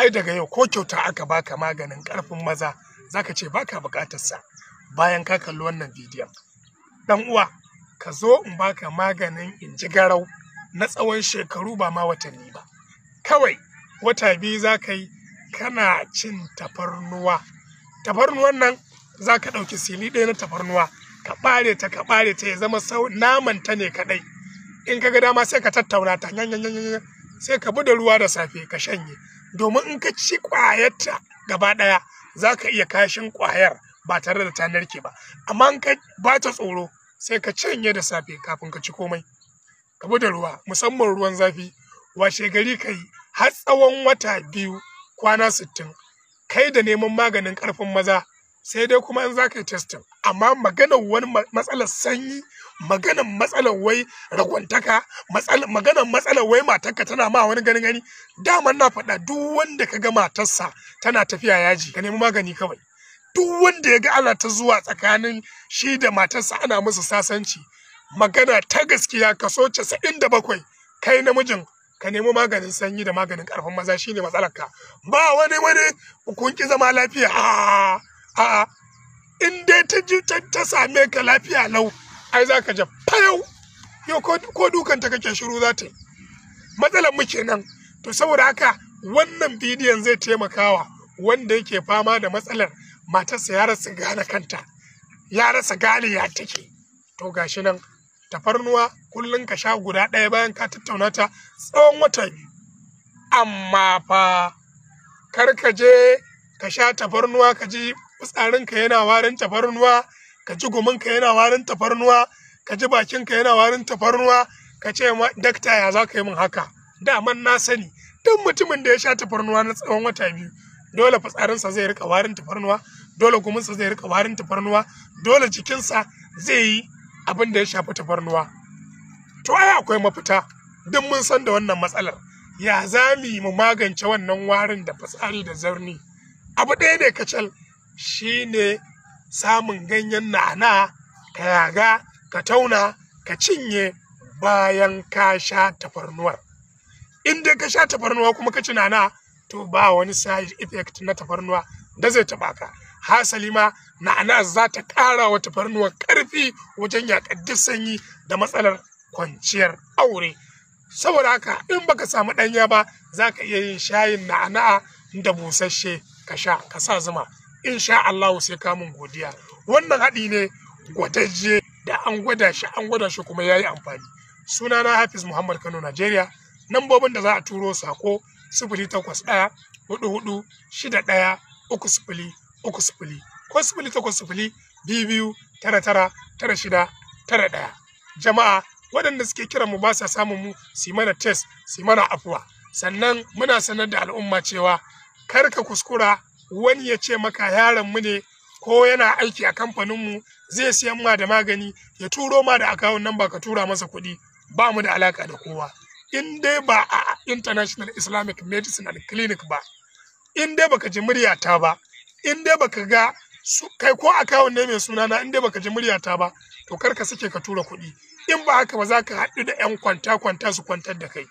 ai daga yau ko kyauta aka baka maganin karfin maza zaka ce baka bukatar sa bayan ka kalli wannan bidiyon dan uwa ka zo in baka maganin inji garau na tsawon shekaru ba ma watanni ba kawai wata biyu zaka yi kana cin tafarnuwa tafarnuwan nan zaka ɗauki sili ɗaya na tafarnuwa ka ɓare ta ka ɓare ta ya zama sau naman ta ne kaɗai in ka ga dama sai ka tattauna ta sai ka bi da ruwa da safe ka shanye domin in ka ci ƙwayarta gaba ɗaya za ka iya kashin kwayar ba tare da ta narke ba amma in ka ba ta tsoro sai ka cinye da safe kafin ka ci komai ka ruwa musamman ruwan zafi washe gari ka yi har tsawon wata biyu kwana sittin kai da neman maganin ƙarfin maza sai dai kuma in za ka yi amma maganar wani matsalar sanyi maganar matsalar wai ragwantaka maganar matsalar wai matarka tana ma wani gani gani daman na faɗa duk wanda ka ga matarsa tana tafiya yaji ka nemi magani kawai duk wanda ya ga ana ta zuwa tsakanin shi da matarsa ana musu sasanci magana ta gaskiya kaso casa'in da bakwai kai namijin ka nemi maganin sanyi da maganin karfin maza shine matsalarka ba wani wani kun zama lafiya ah! a'a in dai ta ji ta same ka lafiya lau ai za ka ja fayau yau ko dukan ta kake shiru za ta yi matsalar mu kenan to saboda haka wannan bidiyon zai taimakawa wanda yake fama da matsalar matarsa ya rasa gane kanta ya rasa gane ya take to gashi nan tafarnuwa kullum ka sha guda ɗaya bayan ka tattauna ta tsawon wata amma fa kar ka je ka sha tafarnuwa ka ji fitsarinka yana warin tafarnuwa ka ji guminka yana warin tafarnuwa ka ji bakinka yana warin tafarnuwa ka ce ma dakta ya za ka yi min haka daman na sani duk mutumin da ya sha tafarnuwa na tsawon wata biyu dole fitsarinsa zai rika warin tafarnuwa dole guminsa zai rika warin tafarnuwa dole jikinsa zai yi abin da ya shafi tafarnuwa to ai akwai mafita duk mun san da wannan matsalar ya za mu magance wannan warin da fitsari da zarni abu ɗaya ne kacal shine samun ganyen na'ana ka yaga ka tauna ka cinye bayan ka sha tafarnuwar in dai ka sha tafarnuwa kuma ka ci na'ana to ba wani side effect na tafarnuwa da zai taba ka hasali ma na'ana za ta ƙara wa tafarnuwar ƙarfi wajen yaƙar duk sanyi da matsalar kwanciyar aure saboda haka in baka samu ɗanya ba za ka iya yin shayin na'ana da busasshe ka sha ka sa zuma insha Allah sai kamun godiya wannan haɗi ne gwadaje da an gwada shi an gwada shi kuma yayi amfani Suna na Hafiz Muhammad Kano Najeriya nambobin da za a turo sako sifili takwas ɗaya ko sifili takwas tara ɗaya jama'a waɗanda suke kiran mu ba sa samun mu su mana test su mana afuwa sannan muna sanar da al'umma cewa kar ka kuskura wani ya ce maka yaron mu ne ko yana aiki a kamfaninmu zai siyan ma da magani ya turo ma da akawun nan ba ka tura masa kuɗi ba mu da alaka da kowa in dai ba a international islamic medicinal clinic ba in dai baka ji muryata ba in dai baka ga kai ko akawun ne mai sunana in dai baka ji muryata ba to kar ka sake ka tura kuɗi in ba haka ba za ka haɗu da 'yan kwanta-kwanta su kwantar da kai